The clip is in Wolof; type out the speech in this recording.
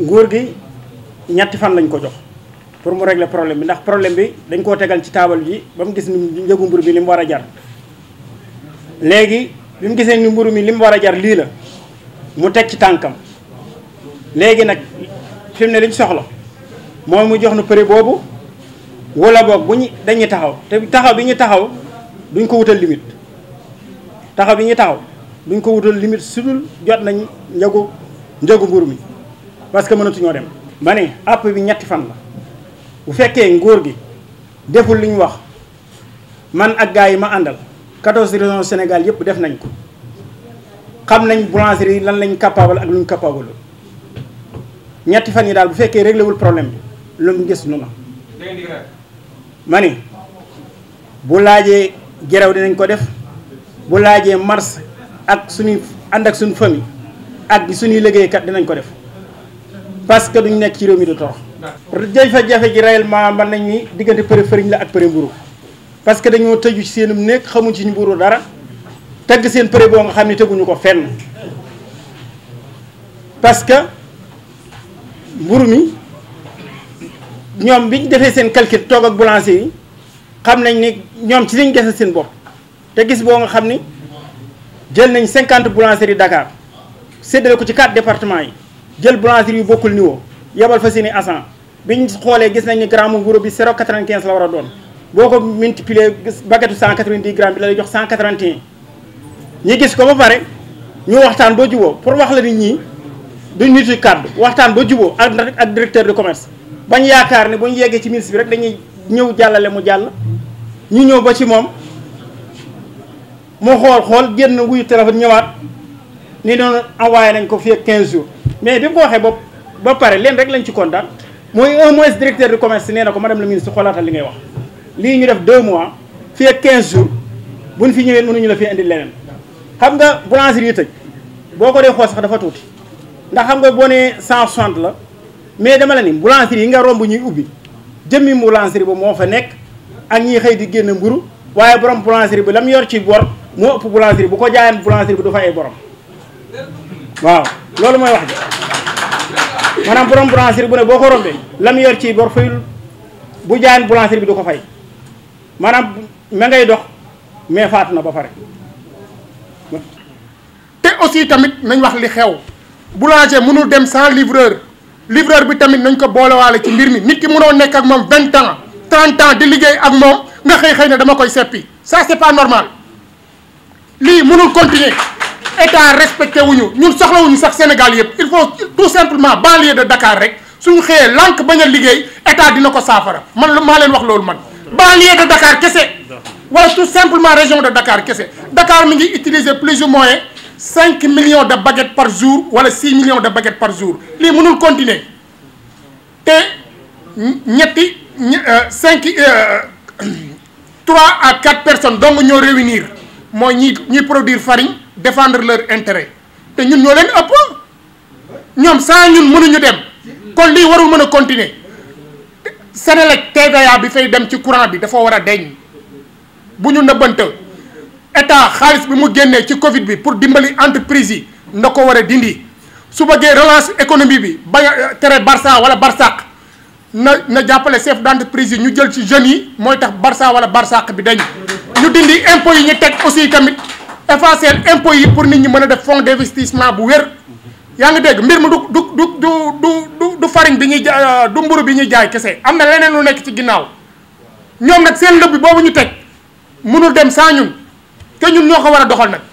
nguur gi ñetti fan lañ ko jox pour mu régler problème bi ndax problème bi dañ koo tegal ci taabal ji ba mu gis ni njëgu mburu bi li mu war a jar léegi bi mu gisee ni mburu mi li mu war a jar lii la mu teg ci tànkam léegi nag fi ne liñ soxla mooy mu jox nu prix boobu wala boog bu ñu dañuy taxaw te taxaw bi ñu taxaw duñ ko wutal limite taxaw bi ñu taxaw duñ ko wutal limite sudul jot nañ njëgu njëgu mburu mi parce que mënatuñoo dem ma ne àpp bi ñetti fan la bu fekkee nguur gi deful li ñu wax man ak gars yi ma àndal 14 régions Sénégal yëpp def nañ ko xam nañ boulangerie yi lan lañ capable ak luñ capable ñetti fan yi daal bu fekkee réglé wul problème bi luñ gis nu la ma ne bu laajee gerew dinañ ko def bu laajee mars ak suñuy ànd ak suñu famille ak suñuy liggéeykat dinañ ko def parce que duñ nekk ci rewmi mi du torox fa jafé ji réellement man nañ ni digënté përi fëriñ la ak përi mburu parce que dañoo tëju ci seenum nek xamu ci mburu dara teg seen përi bo nga xamni ne teguñu ko fenn parce que mburu mi ñom biñ défé seen calcul tok ak boulanger yi xam nañ ni ñom ci liñu gese seen bop te gis bo nga xamni jël nañ 50 boulangeries Dakar séddale ko ci 4 départements yi jël boulangerie yu bokkul niveau yebal fa seeni bi biñ xoolee gis nañ ni gramme guro bi 0,95 la war a doon boo ko multiplier baguette 190 grammes bi la lay jox 181. ñi gis ko ba pare ñu waxtaan ba juboo pour wax la nit ñi duñ nitu kàddu waxtaan ba juboo ak ak directeur de commerce bañ yaakaar ne buñ yeggee ci ministre bi rek dañuy ñëw jàllale mu jàll ñu ñëw ba ci moom mu xool xool génn wuyu téléphone ñëwaat ni noonu envoyé nañ ko fii ak jours. mais bi mu ko waxee ba ba pare leen rek lañ ci kontaan mooy un mois directeur de commerce nee ko madame la ministre xoolaatal li ngay wax lii ñu def deux mois fii ak 15 jours buñ fi ñëwee mënuñu la fi indi leneen xam nga boulangerie yi tëj boo ko dee xool sax dafa tuuti ndax xam nga boo nee 160 la mais dama la ni boulangerie yi nga romb ñuy ubbi jëmmi boulangerie ba moo fa nekk ak ñiy xëy di génn mburu waaye borom boulangerie bi la mu yor ci bor moo ëpp boulangerie bu ko jaayan boulangerie bi du fay ay borom. waaw loolu mooy wax maanaam borom bu ne boo ko lam yor ci bor fayul bu bi fay ngay dox mais ba te aussi tamit wax li xew boulanger mënul dem sans livreur livreur bi tamit nañ ko boolewaale ci mbir mi nit ki ak ans 30 ans di liggéey ak nga dama koy ça c'est pas normal mënul continuer et à respecter, nous. Nous Sénégalais... Il faut tout simplement Banlieue de Dakar. Si nous avons l'angle de l'État, l'État dit que nous avons Je ne sais pas. de Dakar, qu'est-ce que c'est Tout simplement la région de Dakar, Dakar utilise plus ou moins 5 millions de baguettes par jour ou 6 millions de baguettes par jour. Ce gens nous 3 à 4 personnes, donc nous réunir. Moi, de produire farine. défendre leur intérêt té ñun ñoo leen ëpp ñom sa ñun ñu dem kon li warul mëna continuer continuer ak tégaya bi fay dem ci courant bi dafa wara deñ bu ñu nëbbante état xaliss bi mu génné ci Covid bi pour dimbali entreprise yi nako wara dindi su bëggé relance économie bi ba euh, téré Barça wala Barsaq na na jappalé chef d'entreprise ñu jël ci jeune yi moy tax Barça wala Barsaq bi deñ ñu dindi impôts yi ñu tek aussi tamit. effacer impôt yi pour nit ñi mën a def fonds d'investissement bu wér yaa ngi dégg mbir mi du du du du du du fariñ bi ñuy jaay euh, du mburu bi ñuy jaay kese am na leneen lu nekk ci ginnaaw ñoom nag seen lëb boobu ñu teg mënul dem sans ñun te ñun ñoo ko war a doxal nag